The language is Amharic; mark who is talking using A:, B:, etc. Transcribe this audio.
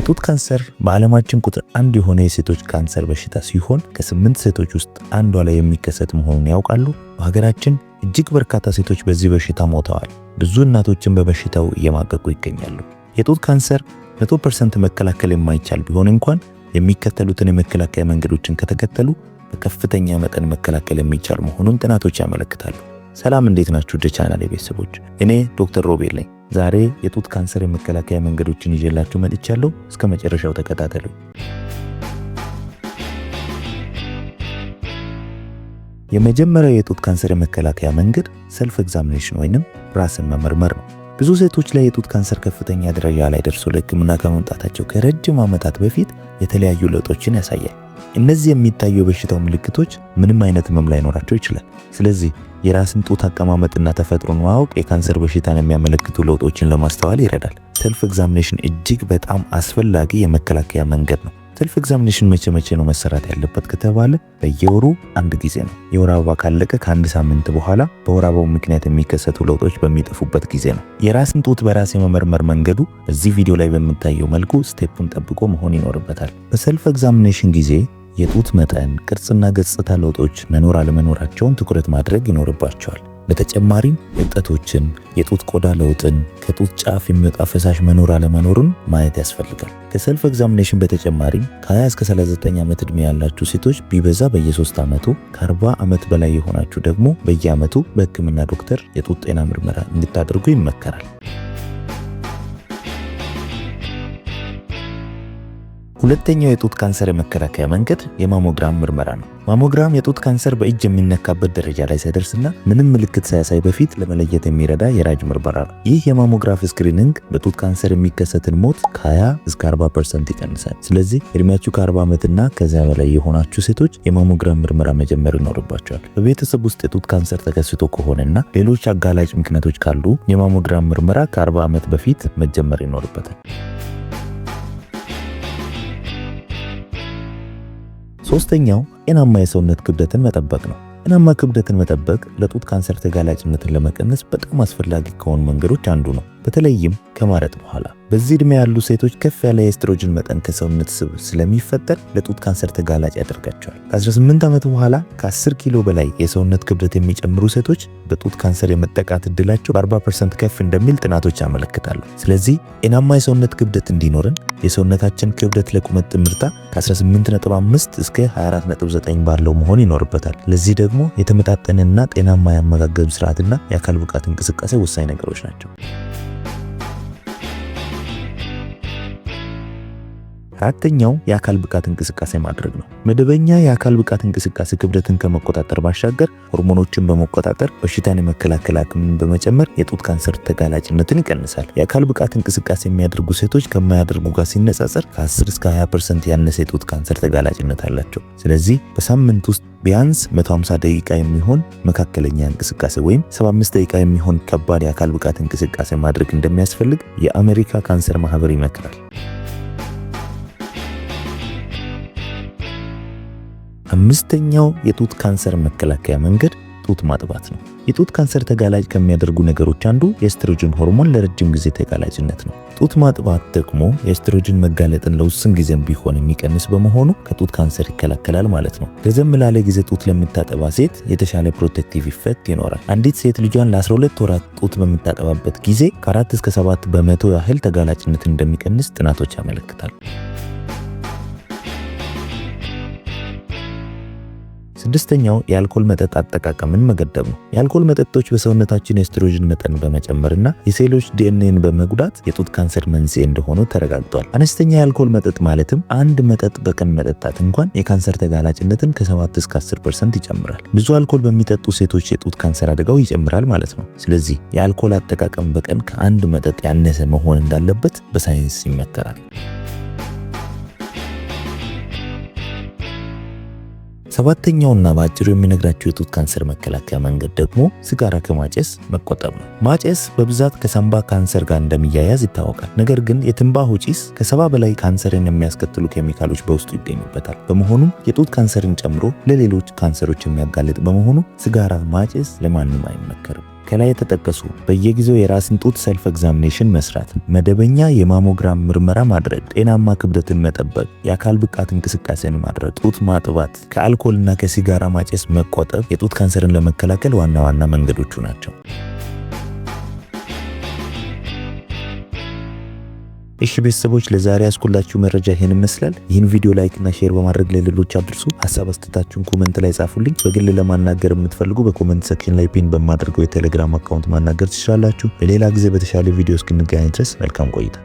A: የጡት ካንሰር በዓለማችን ቁጥር አንድ የሆነ የሴቶች ካንሰር በሽታ ሲሆን ከስምንት ሴቶች ውስጥ አንዷ ላይ የሚከሰት መሆኑን ያውቃሉ? በሀገራችን እጅግ በርካታ ሴቶች በዚህ በሽታ ሞተዋል። ብዙ እናቶችን በበሽታው እየማቀቁ ይገኛሉ። የጡት ካንሰር 100% መከላከል የማይቻል ቢሆን እንኳን የሚከተሉትን የመከላከያ መንገዶችን ከተከተሉ በከፍተኛ መጠን መከላከል የሚቻል መሆኑን ጥናቶች ያመለክታሉ። ሰላም፣ እንዴት ናችሁ? ደቻናል የቤተሰቦች እኔ ዶክተር ሮቤል ነኝ። ዛሬ የጡት ካንሰር የመከላከያ መንገዶችን ይዤላችሁ መጥቻለሁ። እስከ መጨረሻው ተከታተሉ። የመጀመሪያው የጡት ካንሰር የመከላከያ መንገድ ሰልፍ ኤግዛሚኔሽን ወይንም ራስን መመርመር ነው። ብዙ ሴቶች ላይ የጡት ካንሰር ከፍተኛ ደረጃ ላይ ደርሶ ለሕክምና ከመምጣታቸው ከረጅም ዓመታት በፊት የተለያዩ ለውጦችን ያሳያል። እነዚህ የሚታዩ የበሽታው ምልክቶች ምንም አይነት ህመም ላይኖራቸው ይችላል። ስለዚህ የራስን ጡት አቀማመጥና ተፈጥሮን ማወቅ የካንሰር በሽታን የሚያመለክቱ ለውጦችን ለማስተዋል ይረዳል። ሰልፍ ኤግዛሚኔሽን እጅግ በጣም አስፈላጊ የመከላከያ መንገድ ነው። ሰልፍ ኤግዛሚኔሽን መቼ መቼ ነው መሰራት ያለበት ከተባለ በየወሩ አንድ ጊዜ ነው። የወር አበባ ካለቀ ከአንድ ሳምንት በኋላ በወር አበባው ምክንያት የሚከሰቱ ለውጦች በሚጠፉበት ጊዜ ነው። የራስን ጡት በራስ የመመርመር መንገዱ በዚህ ቪዲዮ ላይ በምታየው መልኩ ስቴፑን ጠብቆ መሆን ይኖርበታል። በሰልፍ ኤግዛሚኔሽን ጊዜ የጡት መጠን፣ ቅርጽና ገጽታ ለውጦች መኖር አለመኖራቸውን ትኩረት ማድረግ ይኖርባቸዋል። በተጨማሪም እብጠቶችን፣ የጡት ቆዳ ለውጥን፣ ከጡት ጫፍ የሚወጣ ፈሳሽ መኖር አለመኖሩን ማየት ያስፈልጋል። ከሰልፍ ኤግዛሚኔሽን በተጨማሪም ከ20 እስከ 39 ዓመት ዕድሜ ያላችሁ ሴቶች ቢበዛ በየ3 ዓመቱ፣ ከ40 ዓመት በላይ የሆናችሁ ደግሞ በየዓመቱ በሕክምና ዶክተር የጡት ጤና ምርመራ እንድታደርጉ ይመከራል። ሁለተኛው የጡት ካንሰር የመከላከያ መንገድ የማሞግራም ምርመራ ነው። ማሞግራም የጡት ካንሰር በእጅ የሚነካበት ደረጃ ላይ ሳይደርስና ምንም ምልክት ሳያሳይ በፊት ለመለየት የሚረዳ የራጅ ምርመራ ነው። ይህ የማሞግራፍ ስክሪኒንግ በጡት ካንሰር የሚከሰትን ሞት ከ20 እስከ 40 ፐርሰንት ይቀንሳል። ስለዚህ እድሜያችሁ ከ40 ዓመትና ከዚያ በላይ የሆናችሁ ሴቶች የማሞግራም ምርመራ መጀመር ይኖርባቸዋል። በቤተሰብ ውስጥ የጡት ካንሰር ተከስቶ ከሆነና ሌሎች አጋላጭ ምክንያቶች ካሉ የማሞግራም ምርመራ ከ40 ዓመት በፊት መጀመር ይኖርበታል። ሶስተኛው ጤናማ የሰውነት ክብደትን መጠበቅ ነው። ጤናማ ክብደትን መጠበቅ ለጡት ካንሰር ተጋላጭነትን ለመቀነስ በጣም አስፈላጊ ከሆኑ መንገዶች አንዱ ነው። በተለይም ከማረጥ በኋላ። በዚህ ዕድሜ ያሉ ሴቶች ከፍ ያለ የኤስትሮጅን መጠን ከሰውነት ስብ ስለሚፈጠር ለጡት ካንሰር ተጋላጭ ያደርጋቸዋል። ከ18 ዓመት በኋላ ከ10 ኪሎ በላይ የሰውነት ክብደት የሚጨምሩ ሴቶች በጡት ካንሰር የመጠቃት እድላቸው በ40 ከፍ እንደሚል ጥናቶች ያመለክታሉ። ስለዚህ ጤናማ የሰውነት ክብደት እንዲኖርን የሰውነታችን ክብደት ለቁመት ጥምርታ ከ18.5 እስከ 24.9 ባለው መሆን ይኖርበታል። ለዚህ ደግሞ የተመጣጠነና ጤናማ የአመጋገብ ስርዓትና የአካል ብቃት እንቅስቃሴ ወሳኝ ነገሮች ናቸው። አራተኛው የአካል ብቃት እንቅስቃሴ ማድረግ ነው። መደበኛ የአካል ብቃት እንቅስቃሴ ክብደትን ከመቆጣጠር ባሻገር ሆርሞኖችን በመቆጣጠር በሽታን የመከላከል አቅምን በመጨመር የጡት ካንሰር ተጋላጭነትን ይቀንሳል። የአካል ብቃት እንቅስቃሴ የሚያደርጉ ሴቶች ከማያደርጉ ጋር ሲነጻጸር ከ10 እስከ 20 ፐርሰንት ያነሰ የጡት ካንሰር ተጋላጭነት አላቸው። ስለዚህ በሳምንት ውስጥ ቢያንስ 150 ደቂቃ የሚሆን መካከለኛ እንቅስቃሴ ወይም 75 ደቂቃ የሚሆን ከባድ የአካል ብቃት እንቅስቃሴ ማድረግ እንደሚያስፈልግ የአሜሪካ ካንሰር ማህበር ይመክራል። አምስተኛው የጡት ካንሰር መከላከያ መንገድ ጡት ማጥባት ነው። የጡት ካንሰር ተጋላጭ ከሚያደርጉ ነገሮች አንዱ የኤስትሮጅን ሆርሞን ለረጅም ጊዜ ተጋላጭነት ነው። ጡት ማጥባት ደግሞ የኤስትሮጅን መጋለጥን ለውስን ጊዜም ቢሆን የሚቀንስ በመሆኑ ከጡት ካንሰር ይከላከላል ማለት ነው። ረዘም ላለ ጊዜ ጡት ለምታጠባ ሴት የተሻለ ፕሮቴክቲቭ ኢፌክት ይኖራል። አንዲት ሴት ልጇን ለ12 ወራት ጡት በምታጠባበት ጊዜ ከ4 እስከ 7 በመቶ ያህል ተጋላጭነት እንደሚቀንስ ጥናቶች ያመለክታሉ። ስድስተኛው የአልኮል መጠጥ አጠቃቀምን መገደብ ነው። የአልኮል መጠጦች በሰውነታችን የስትሮጅን መጠን በመጨመርና የሴሎች ዲኤንኤን በመጉዳት የጡት ካንሰር መንስኤ እንደሆኑ ተረጋግጧል። አነስተኛ የአልኮል መጠጥ ማለትም አንድ መጠጥ በቀን መጠጣት እንኳን የካንሰር ተጋላጭነትን ከ7 እስከ 10 ፐርሰንት ይጨምራል። ብዙ አልኮል በሚጠጡ ሴቶች የጡት ካንሰር አደጋው ይጨምራል ማለት ነው። ስለዚህ የአልኮል አጠቃቀም በቀን ከአንድ መጠጥ ያነሰ መሆን እንዳለበት በሳይንስ ይመከራል። ሰባተኛውና በአጭሩ የሚነግራቸው የጡት ካንሰር መከላከያ መንገድ ደግሞ ሲጋራ ከማጨስ መቆጠብ ነው። ማጨስ በብዛት ከሳምባ ካንሰር ጋር እንደሚያያዝ ይታወቃል። ነገር ግን የትንባሆ ጭስ ከሰባ በላይ ካንሰርን የሚያስከትሉ ኬሚካሎች በውስጡ ይገኙበታል። በመሆኑም የጡት ካንሰርን ጨምሮ ለሌሎች ካንሰሮች የሚያጋልጥ በመሆኑ ሲጋራ ማጨስ ለማንም አይመከርም። ከላይ የተጠቀሱ በየጊዜው የራስን ጡት ሰልፍ ኤግዛሚኔሽን መስራት፣ መደበኛ የማሞግራም ምርመራ ማድረግ፣ ጤናማ ክብደትን መጠበቅ፣ የአካል ብቃት እንቅስቃሴን ማድረግ፣ ጡት ማጥባት፣ ከአልኮልና ከሲጋራ ማጨስ መቆጠብ የጡት ካንሰርን ለመከላከል ዋና ዋና መንገዶቹ ናቸው።
B: እሺ ቤተሰቦች ለዛሬ ያስኩላችሁ መረጃ ይሄን ይመስላል። ይህን ቪዲዮ ላይክና ሼር በማድረግ ለሌሎች አድርሱ። ሀሳብ አስተታችሁን ኮመንት ላይ ጻፉልኝ። በግል ለማናገር የምትፈልጉ በኮመንት ሰክሽን ላይ ፒን በማድረገው የቴሌግራም አካውንት ማናገር ትችላላችሁ። በሌላ ጊዜ በተሻለ ቪዲዮ እስክንገናኝ ድረስ መልካም ቆይታ